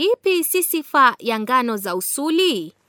ipi si sifa ya ngano za usuli?